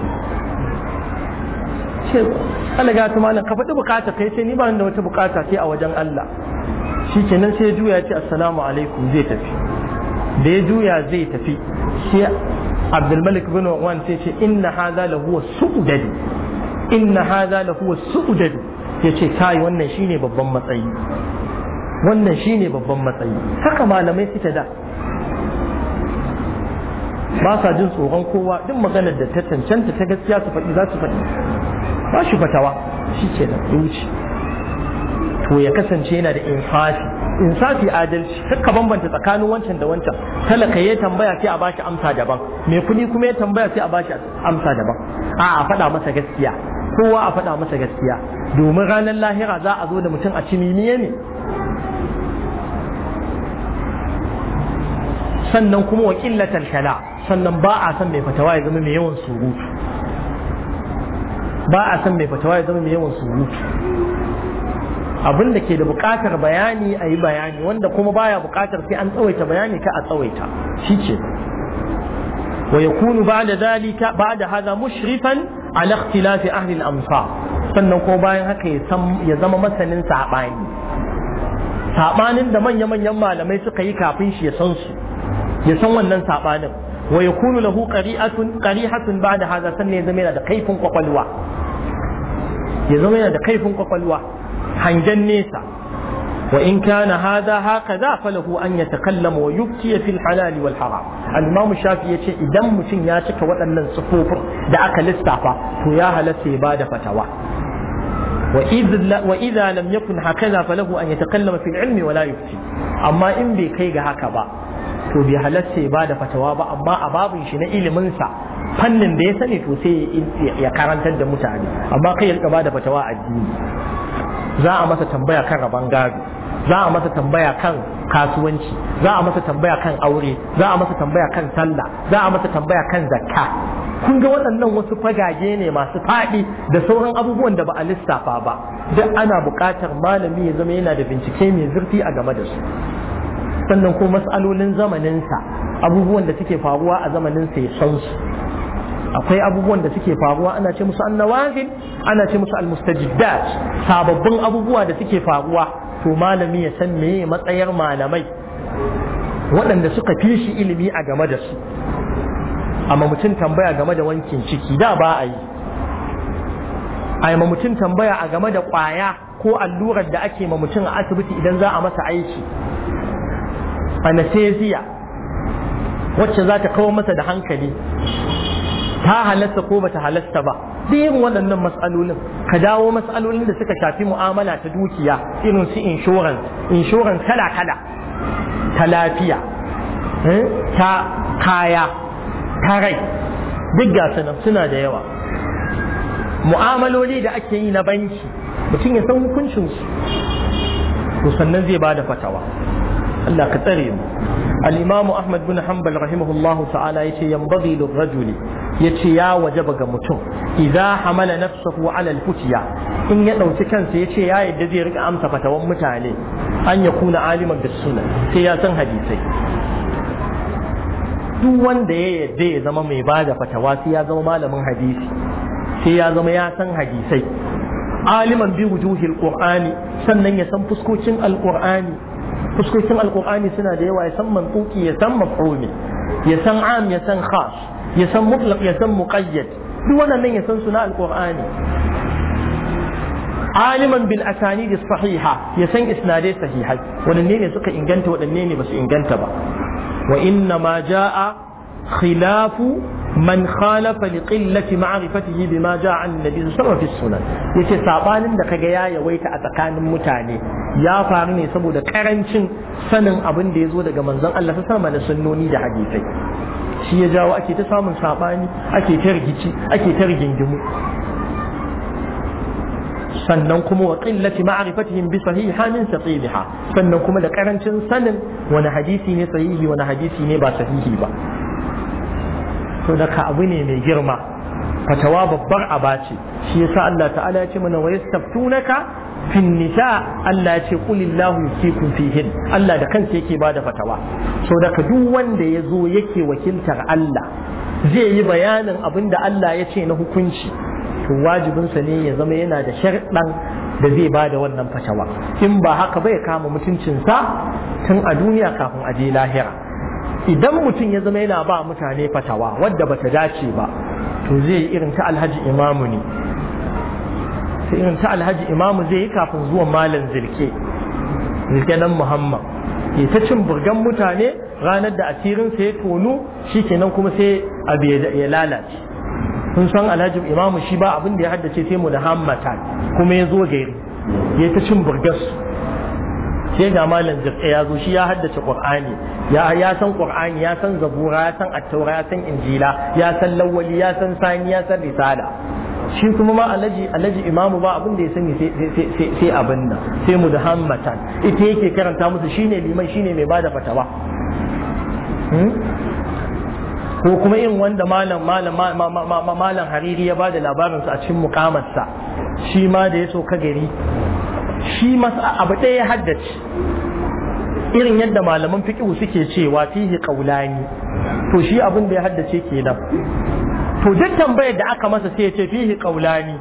alaga ta malam ka faɗi bukata kai sai ni ba da wata bukata sai a wajen Allah Shi kenan sai ya juya ce assalamu alaikum zai tafi da ya juya zai tafi sai Abdul bin Marwan sai ce inna hadha lahu su'udadi inna hadha lahu su'udadi yace kai wannan shine babban matsayi wannan shine babban matsayi haka malamai suka da ba sa jin tsoron kowa duk maganar da ta cancanta ta gaskiya su faɗi za su faɗi ba shi fatawa shi ke da ya to ya kasance yana da insafi insafi adalci kakka bambanta tsakanin wancan da wancan talaka ya tambaya sai a bashi amsa daban mai kuɗi kuma ya tambaya sai a bashi amsa daban a a faɗa masa gaskiya kowa a faɗa masa gaskiya domin ranar lahira za a zo da mutum a cimimiye ne sannan kuma wa killatar shala sannan ba a san mai fatawa ya zama mai yawan surutu ba a san mai fatawa ya zama mai yawan surutu abin da ke da buƙatar bayani a yi bayani wanda kuma baya buƙatar sai an tsawaita bayani ka a tsawaita shi ce wa yakunu ba'da zalika ba'da hadha mushrifan ala ikhtilafi ahli al sannan ko bayan haka ya zama masanin sabani sabanin da manya-manyan malamai suka yi kafin shi ya san su ya san wannan sabanin wa yakunu lahu qari'atun qarihatun ba'da hadha sannan ya zama yana da kaifin kwakwalwa ya zama yana da kaifin kwakwalwa hangen nesa wa in kana hadha hakaza falahu an yatakallama wa yufti fi halal wal haram al-imam shafi yace idan mutum ya cika waɗannan sifofin da aka lissafa to ya halatta ya bada fatawa وإذا لم يكن هكذا فله أن يتكلم في العلم ولا يفتي أما إن بكي هكذا to bai halatta ya bada fatawa ba amma a babin shi na ilimin sa fannin da ya sani to sai ya karantar da mutane amma kai ya rika bada fatawa addini za a masa tambaya kan rabon gado za a masa tambaya kan kasuwanci za a masa tambaya kan aure za a masa tambaya kan sallah za a masa tambaya kan zakka kun ga waɗannan wasu fagage ne masu faɗi da sauran abubuwan da ba a lissafa ba duk ana buƙatar malami ya zama yana da bincike mai zurfi a game da su sannan ko matsalolin zamaninsa abubuwan da suke faruwa a zamaninsa ya san su akwai abubuwan da suke faruwa ana ce musu annawafil ana ce musu almustajiddat sababbin abubuwa da suke faruwa to malami ya san meye matsayar malamai waɗanda suka fi shi ilimi a game da su amma mutum tambaya game da wankin ciki da ba a yi a ma mutum tambaya a game da ƙwaya ko allurar da ake ma mutum a asibiti idan za a masa aiki fanatesiya wacce za ta kawo masa da hankali ta halasta ko ba ta halasta ba duk irin waɗannan matsalolin ka dawo matsalolin da suka shafi mu'amala ta dukiya irin su insurance insurance kala kala ta lafiya eh, ta kaya ta rai duk gasu nan suna da yawa mu'amaloli da ake yi na banki mutum ya san hukuncinsu to sannan zai bada fatawa Allah ka tsare mu al-imamu ahmad bin hanbal rahimahullahu ta'ala yace yanbaghi lirrajuli yace ya wajaba ga mutum idza hamala nafsuhu ala al-futiya in ya dauki kansa yace ya yadda zai rika amsa fatawan mutane an ya kuna aliman da sunna sai ya san hadisai duk wanda ya yadda ya zama mai bada fatawa sai ya zama malamin hadisi sai ya zama ya san hadisai aliman bi wujuhil qur'ani sannan ya san fuskokin alqur'ani fuskokin alkur'ani suna da yawa ya san mantuki ya san maf'umi ya san am ya san khas ya san mutlaq ya san muqayyad duk wannan ya san suna alkur'ani aliman bil asanid sahiha ya san isnadai sahihai waɗanne ne suka inganta wadanne ne basu inganta ba wa inna ma jaa khilafu man khalafa li qillati ma'rifatihi bima ja'a an nabi sallallahu alaihi wasallam yace sabanin da kaga ya yawaita a tsakanin mutane ya faru ne saboda karancin sanin abin da yazo daga manzon Allah sallallahu alaihi wasallam sunnoni da hadisai shi ya jawo ake ta samun sabani ake ta rigici ake ta rigingimu sannan kuma wa qillati ma'rifatihim bi sahiha min saqiliha sannan kuma da karancin sanin wani hadisi ne sahihi wani hadisi ne ba sahihi ba to da ka abu ne mai girma fatawa babbar aba ce shi yasa Allah ta'ala ya ce mana wa yastaftunaka fin nisa Allah ya ce qulillahu yusikum fihin Allah da kansa yake bada fatawa so da ka duk wanda ya zo yake wakiltar Allah zai yi bayanin abin da Allah ya ce na hukunci to wajibinsa ne ya zama yana da sharɗan da zai ba da wannan fatawa in ba haka bai kama mutuncinsa tun a duniya kafin a je lahira idan mutum ya zama yana ba mutane fatawa wadda bata dace ba to zai yi irin ta alhaji imamu ne sai irin ta alhaji imamu zai yi kafin zuwan malam zirke zirke nan muhammad ya ta cin burgan mutane ranar da asirinsa ya tonu shi kenan kuma sai abu ya lalace sun san alhaji imamu shi ba abin da ya haddace sai mu da hammata kuma ya zo gari ya ta cin burgansu sai ga malam jirka ya zo shi ya haddace qur'ani ya ya san qur'ani ya san zabura ya san attaura ya san injila ya san lawali ya san sani ya san risala shi kuma ma alaji alaji imamu ba abin da ya sani sai sai abin nan sai mudhammatan ita yake karanta musu shine liman shine mai bada fatawa hmm? ko kuma in wanda malam malam malam hariri ya bada da su a cikin mukamarsa shi ma da ya so ka gari shi abu ɗaya haddace irin yadda malaman fiqhu suke cewa fihi ƙaulani to shi abin da ya haddace kenan to duk tambayar da aka masa sai ya ce fihi qaulani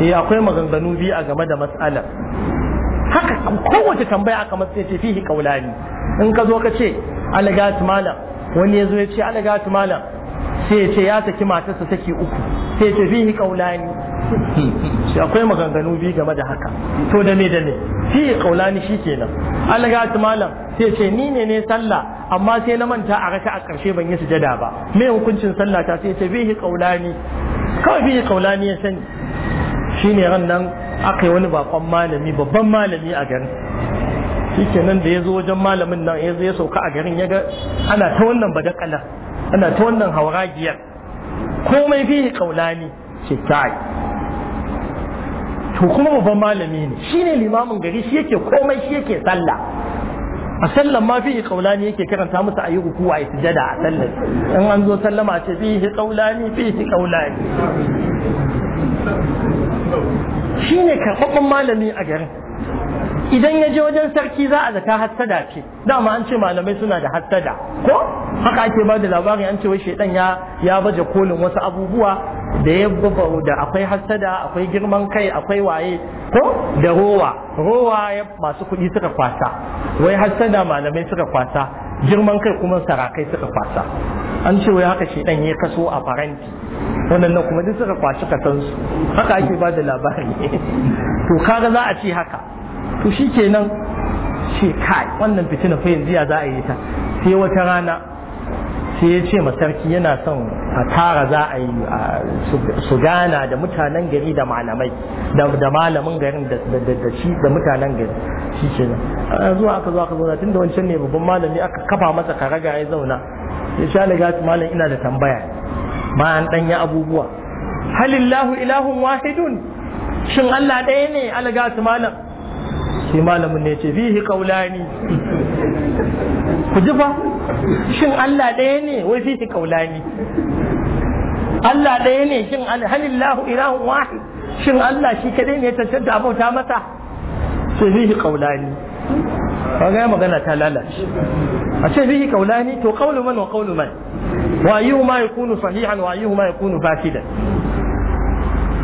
eh akwai maganganu biyu a game da matsalar haka kowace tambaya aka masa sai ya ce fihi qaulani in ka zo ka ce Alagatu malam wani ya zo ya ce Alagatu malam sai ya ce ya saki matarsa saki uku sai ya ce bihi kaulani shi akwai maganganu bi game da haka to da me da me fi kaulani shikenan algatu malam sai ce ni ne ne sallah amma sai na manta a raka a karshe ban yi sujada ba me hukuncin sallah ta sai ce bihi kaulani kawai bihi kaulani ya sani shine ran nan aka yi wani bakon malami babban malami a garin shikenan da ya zo wajen malamin nan ya zo ya sauka a garin ya ga ana ta wannan badakala ana ta wannan hauragiyar komai fihi ne ce kai to kuma babban malami ne shine limamin gari shi yake komai shi yake sallah a sallan ma kaula ne yake karanta musu ayi ruku ayi sujada a sallar in an zo sallama ce fihi kaulani fihi kaulani shine karɓaɓɓen malami a garin idan ya je wajen sarki za a zaka hassada ce dama an ce malamai suna da hassada ko haka ake ba da labarin an ce wai shedan ya ya baje kolin wasu abubuwa da ya buba da akwai hassada akwai girman kai akwai waye ko da rowa rowa masu kuɗi suka kwasa wai hassada malamai suka kwasa girman kai kuma sarakai suka kwasa an ce wai haka shedan ya kaso a faranti waɗannan kuma duk suka kwashi kasansu haka ake ba da labari to kaga za a ce haka to shi kenan ce kai wannan fitina fa yanzu ya za a yi ta sai wata rana sai ya ce masarki yana son a tara za a yi su gana da mutanen gari da malamai da malamin garin da shi da mutanen gari shi ke nan zuwa aka zo aka zauna tun da wancan ne babban malami aka kafa masa karaga ya zauna ya sha daga malam ina da tambaya ma an danya abubuwa halillahu ilahun wahidun shin Allah ɗaya ne algatu malam sai malamin ne ce fihi kaulani ku ji fa shin Allah ɗaya ne wai fihi kaulani Allah ɗaya ne shin halillahu ilahun wahid shin Allah shi kadai ne tantance abauta masa sai fihi kaulani kaga magana ta lalace a ce fihi kaulani to qaulu man wa qaulu man wa ayyuhuma yakunu sahihan wa ayyuhuma yakunu fasidan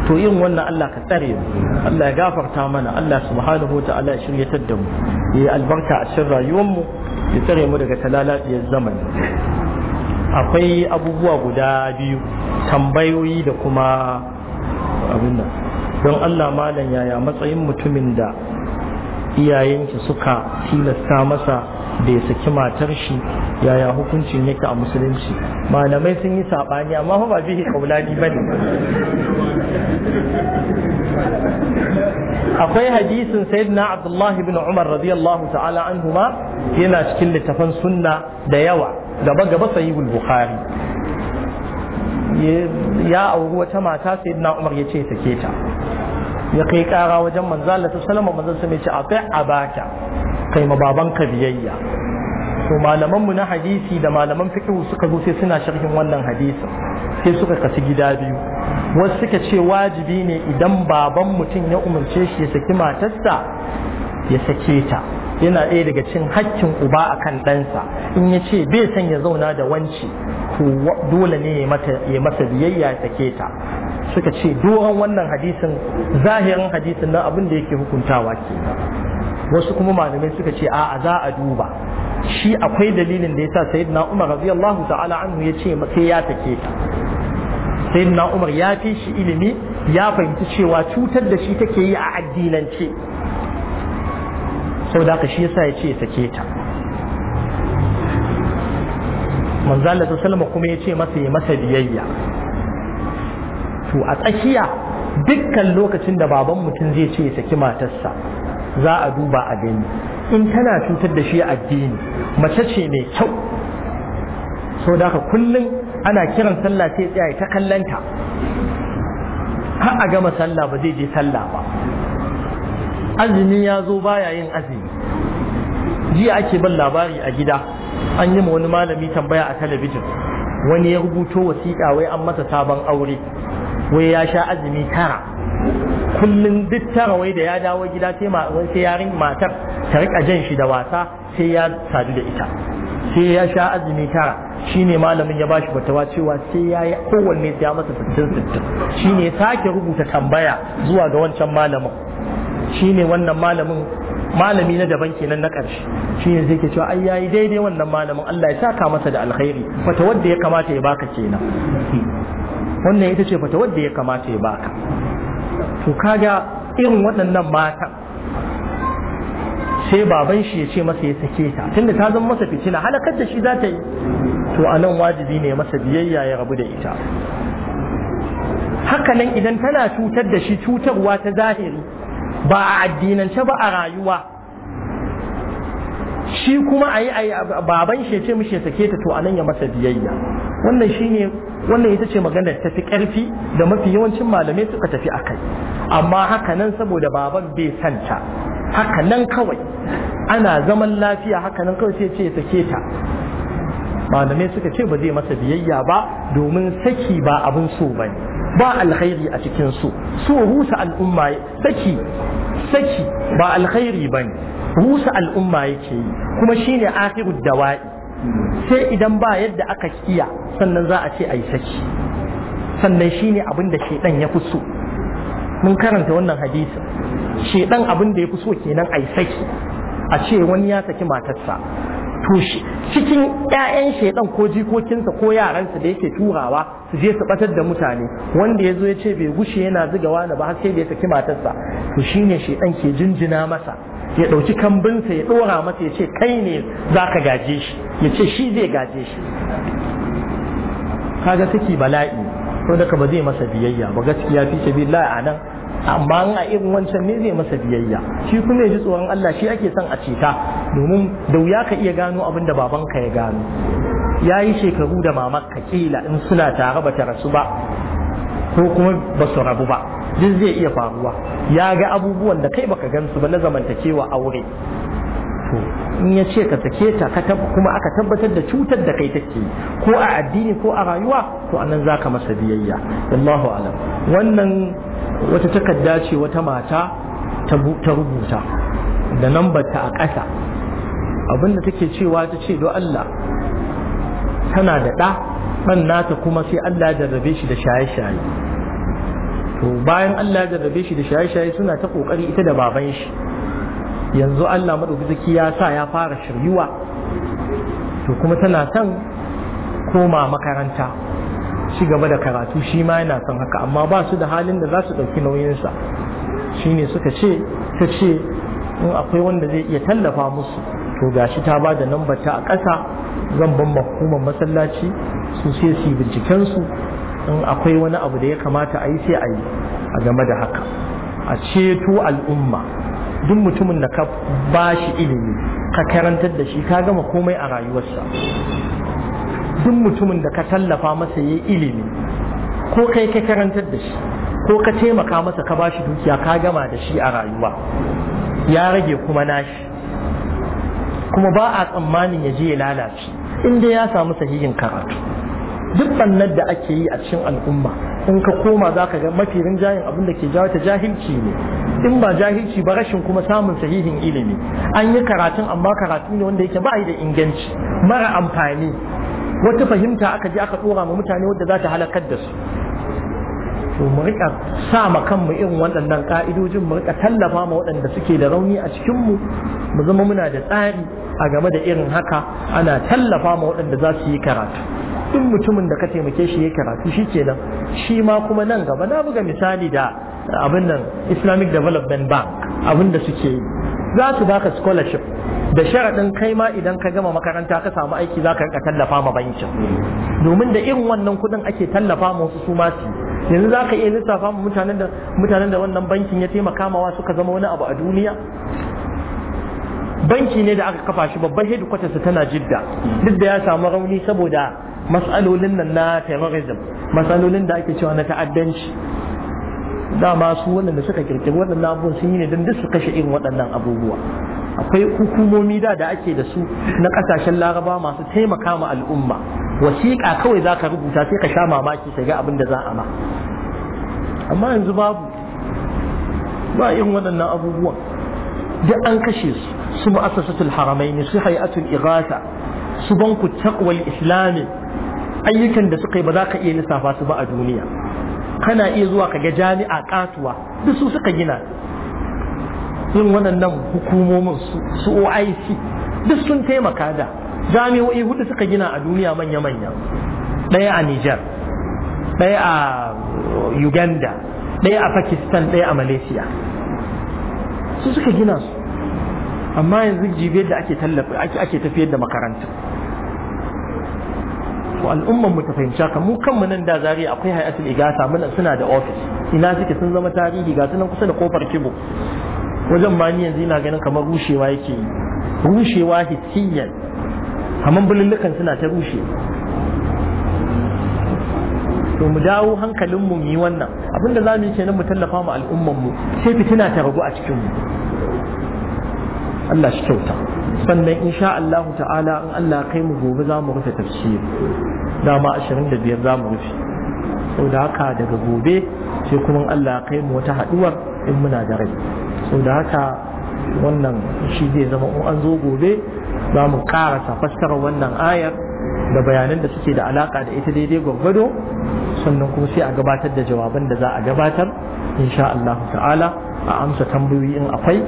to yin wannan Allah ka tsare mu Allah ya gafarta mana Allah subhanahu ta'ala ya shiryatar da mu ya albarka a cikin rayuwar mu ya tsare mu daga talalaciyar zamani akwai abubuwa guda biyu tambayoyi da kuma abin nan don Allah malam yaya matsayin mutumin da iyayenki suka tilasta masa da ya saki matar shi yaya hukuncin yake a musulunci malamai sun yi saɓani amma ba ba bihi kaulani ba ne akwai hadisin sayyidina abdullahi bin umar radiyallahu ta'ala huma yana cikin littafan sunna da yawa gaba gaba sahihul bukhari ya auri wata mata sayyidina umar ya ce sake ta ya kai kara wajen manzo Allah sallallahu alaihi wasallam manzo sai ya ce a baka kai ma babanka biyayya to malamanmu na hadisi da malaman fiqh suka zo sai suna sharhin wannan hadisin sai suka kasu gida biyu wasu suka ce wajibi ne idan baban mutum ya umarce shi ya saki matarsa ya sake ta yana ɗaya daga cin hakkin uba a kan ɗansa in ya ce bai san ya zauna da wanci ko dole ne ya masa biyayya ya sake ta suka ce doron wannan hadisin zahirin hadisin nan abin da yake hukuntawa ke wasu kuma malamai suka ce a'a za a duba shi akwai dalilin da yasa sayyidina Umar radiyallahu ta'ala anhu ya ce sai ya take ta sayyidina Umar ya fi shi ilimi ya fahimci cewa cutar da shi take yi a addinance da haka shi yasa ya ce sake ta manzo Allah sallama kuma ya ce masa ya masa biyayya to a tsakiya dukkan lokacin da baban mutum zai ce ya saki matarsa za a duba a gani in tana cutar da shi a addini mace ce mai kyau so da haka kullum ana kiran sallah sai tsaye ta kallanta har a gama sallah ba zai je sallah ba azumi ya zo baya yin azumi jiya ake ban labari a gida an yi ma wani malami tambaya a talabijin wani ya rubuto wasiƙa wai an masa sabon aure wai ya sha azumi tara kullum duk ta rawai da ya dawo gida sai sai yarin matar ta rika jan shi da wasa sai ya sadu da ita sai ya sha azumi tara shine malamin ya bashi fatawa cewa sai ya yi kowanne sai ya masa sittin sittin shine ya sake rubuta tambaya zuwa ga wancan malamin shine wannan malamin malami na daban kenan na ƙarshe shi ne zai ke cewa ai yayi daidai wannan malamin Allah ya saka masa da alkhairi fata wadda ya kamata ya baka kenan wannan ita ce fata wadda ya kamata ya baka to kaga irin waɗannan matan sai baban shi ya ce masa ya sake ta tunda ta zama masa fitina halakar da shi za ta yi to a nan wajibi ne masa biyayya ya rabu da ita hakanan idan tana cutar da shi cutarwa ta zahiri ba a addinance ba a rayuwa shi kuma ayi a baban shi ce mishi sake ta to anan ya masa biyayya wannan shi ne wannan ita ce magana ta fi karfi da mafi yawancin malamai suka tafi a kai. amma haka nan saboda baban bai santa haka nan kawai ana zaman lafiya haka nan kawai sai ce sake ta malamai suka ce ba zai masa biyayya ba domin saki ba abin so ba ba alkhairi a cikin so so rusa al'umma saki saki ba alkhairi ba rusa al'umma yake yi kuma shine akhirud dawa'i sai idan ba yadda aka kiya sannan za a ce a yi saki sannan shine abin da shaidan ya fi so mun karanta wannan hadisi shaidan abinda ya fi so kenan a yi saki a ce wani ya saki matarsa to cikin ƴaƴan shaidan ko jikokinsa ko yaransa da yake turawa su je su batar da mutane wanda ya zo ya ce bai gushe yana zugawa da ba har sai da ya saki matarsa to shine shaidan ke jinjina masa ya ɗauki kambinsa ya ɗora masa ya ce kai ne za ka gaje shi ya ce shi zai gaje shi kaga saki bala'i ko da ba zai masa biyayya ba gaskiya fi sabilillah a nan amma a irin wancan ne zai masa biyayya shi kuma ya ji tsoron Allah shi ake son a cika domin da wuya ka iya gano abin da babanka ya gano ya yi shekaru da ka kila in suna tare ba ta rasu ba ko kuma ba su rabu ba duk zai iya faruwa ya ga abubuwan da kai baka gansu ba na zamantakewa aure to in ya ce ka sake ta kuma aka tabbatar da cutar da kai take ko a addini ko a rayuwa to anan zaka masa biyayya Allahu alam wannan wata takarda ce wata mata ta rubuta da lambar ta a ƙasa abinda take cewa ta ce do Allah tana da ɗa ɗan nata kuma sai Allah ya jarrabe shi da shaye-shaye to bayan Allah ya jarrabe shi da shaye-shaye suna ta ƙoƙari ita da baban shi yanzu Allah maɗaukaki ya sa ya fara shiryuwa to kuma tana son koma makaranta shi gaba da karatu shi ma yana son haka amma ba su da halin da za su ɗauki nauyinsa shi ne suka ce ta ce in akwai wanda zai iya tallafa musu to gashi ta ba da lambar ta a ƙasa zan ban hukumar masallaci su sai su bincikensu in akwai wani abu da ya kamata a yi sai a yi a game da haka a ceto al'umma duk mutumin da ka ba shi ilimi ka karantar da shi ka gama komai a rayuwarsa duk mutumin da ka tallafa masa ya ilimi ko kai ka karantar da shi ko ka taimaka masa ka ba shi dukiya ka gama da shi a rayuwa ya rage kuma nashi kuma ba a tsammanin ya je ya lalace inda ya samu sahihin karatu duk bannar da ake yi a cikin al'umma in ka koma za ka ga mafi rinjayen abin da ke jawo ta jahilci ne in ba jahilci ba rashin kuma samun sahihin ilimi an yi karatun amma karatu ne wanda yake ba da inganci mara amfani wata fahimta aka je aka dora ma mutane wadda za ta halakar da su to mu rika sa ma kanmu irin waɗannan ka'idojin mu rika tallafa ma waɗanda suke da rauni a cikin mu mu zama muna da tsari a game da irin haka ana tallafa ma waɗanda za su yi karatu duk mutumin da ka taimake shi ya karatu shi kenan shi ma kuma nan gaba na buga misali da abin nan islamic development bank abin da suke yi za su baka scholarship da sharaɗin kai ma idan ka gama makaranta ka samu aiki za ka rika tallafa ma bankin domin da irin wannan kuɗin ake tallafa ma wasu su su yanzu za ka iya lissafa ma mutanen da wannan bankin ya taimaka mawa suka zama wani abu a duniya banki ne da aka kafa shi babban su tana jidda duk da ya samu rauni saboda matsalolin nan na terrorism matsalolin da ake cewa na ta'addanci dama su da suka kirkiri wannan abubuwan sun yi ne don duk su kashe irin waɗannan abubuwa akwai hukumomi da da ake da su na ƙasashen laraba masu taimaka ma al'umma wasiƙa kawai za ka rubuta sai ka sha mamaki ka ga abin da za a ma amma yanzu babu ba irin waɗannan abubuwan duk an kashe su su haramai ne su hay'atul irata su banku taqwal islami ayyukan da suka yi ba za ka iya lissafa su ba a duniya kana iya zuwa ka ga jami'a katuwa duk su suka gina yin waɗannan hukumomin su OIC duk sun taimaka da jami'o'i hudu suka gina a duniya manya-manya ɗaya a Nijar ɗaya a Uganda ɗaya a Pakistan ɗaya a Malaysia su suka gina su amma yanzu jibe da ake tallafa ake tafiyar da makaranta. al'umman mu ta fahimci haka mu kanmu nan da zari akwai hayatul igasa mun suna da office ina suke sun zama tarihi ga sunan kusa da kofar kibo wajen ma ni yanzu ina ganin kamar rushewa yake rushewa hissiyan amma bulullukan suna ta rushe to mu dawo hankalinmu mu yi wannan abinda za mu yi kenan mu tallafa mu al'umman mu sai fitina ta ragu a cikin mu Allah shi kyauta sannan insha Allah ta'ala in Allah kai mu gobe za mu rufe tafsiri dama 25 za mu rufe Da haka daga gobe sai kuma Allah kai mu wata haduwar in muna da rai da haka wannan shi zai zama in an zo gobe za mu karasa fassarar wannan ayar da bayanan da suke da alaka da ita daidai gwaggwado sannan kuma sai a gabatar da jawaban da za a gabatar insha Allah ta'ala a amsa tambayoyi in akwai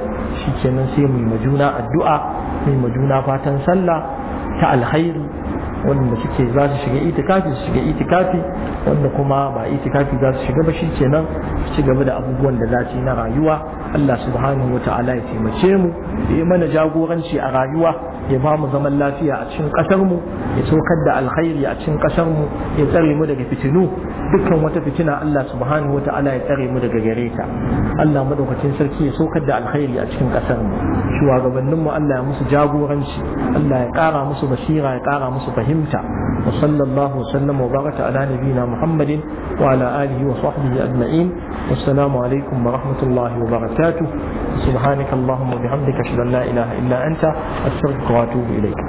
shikenan sai mu yi majuna addu'a mu yi majuna fatan sallah ta alkhairi wanda suke za su shiga itikafi su shiga itikafi wanda kuma ba itikafi za su shiga ba shi kenan su ci gaba da abubuwan da za su yi na rayuwa Allah subhanahu wa ta'ala ya taimace mu ya yi mana jagoranci a rayuwa ya ba mu zaman lafiya a cikin ƙasarmu mu ya saukar da alkhairi a cikin kasar mu ya tsare mu daga fitinu dukkan wata fitina Allah subhanahu wa ta'ala ya tsare mu daga gare ta Allah madaukakin sarki ya saukar da alkhairi a cikin kasar mu shugabannin mu Allah ya musu jagoranci Allah ya kara musu basira ya kara musu fahimta fahimta wa sallallahu wa baraka ala nabina muhammadin wa ala alihi wa sahbihi ajma'in wassalamu alaikum wa rahmatullahi wa barakatuh subhanakallahumma allahumma bihamdika ashhadu an la ilaha illa anta astaghfiruka wa atubu ilayk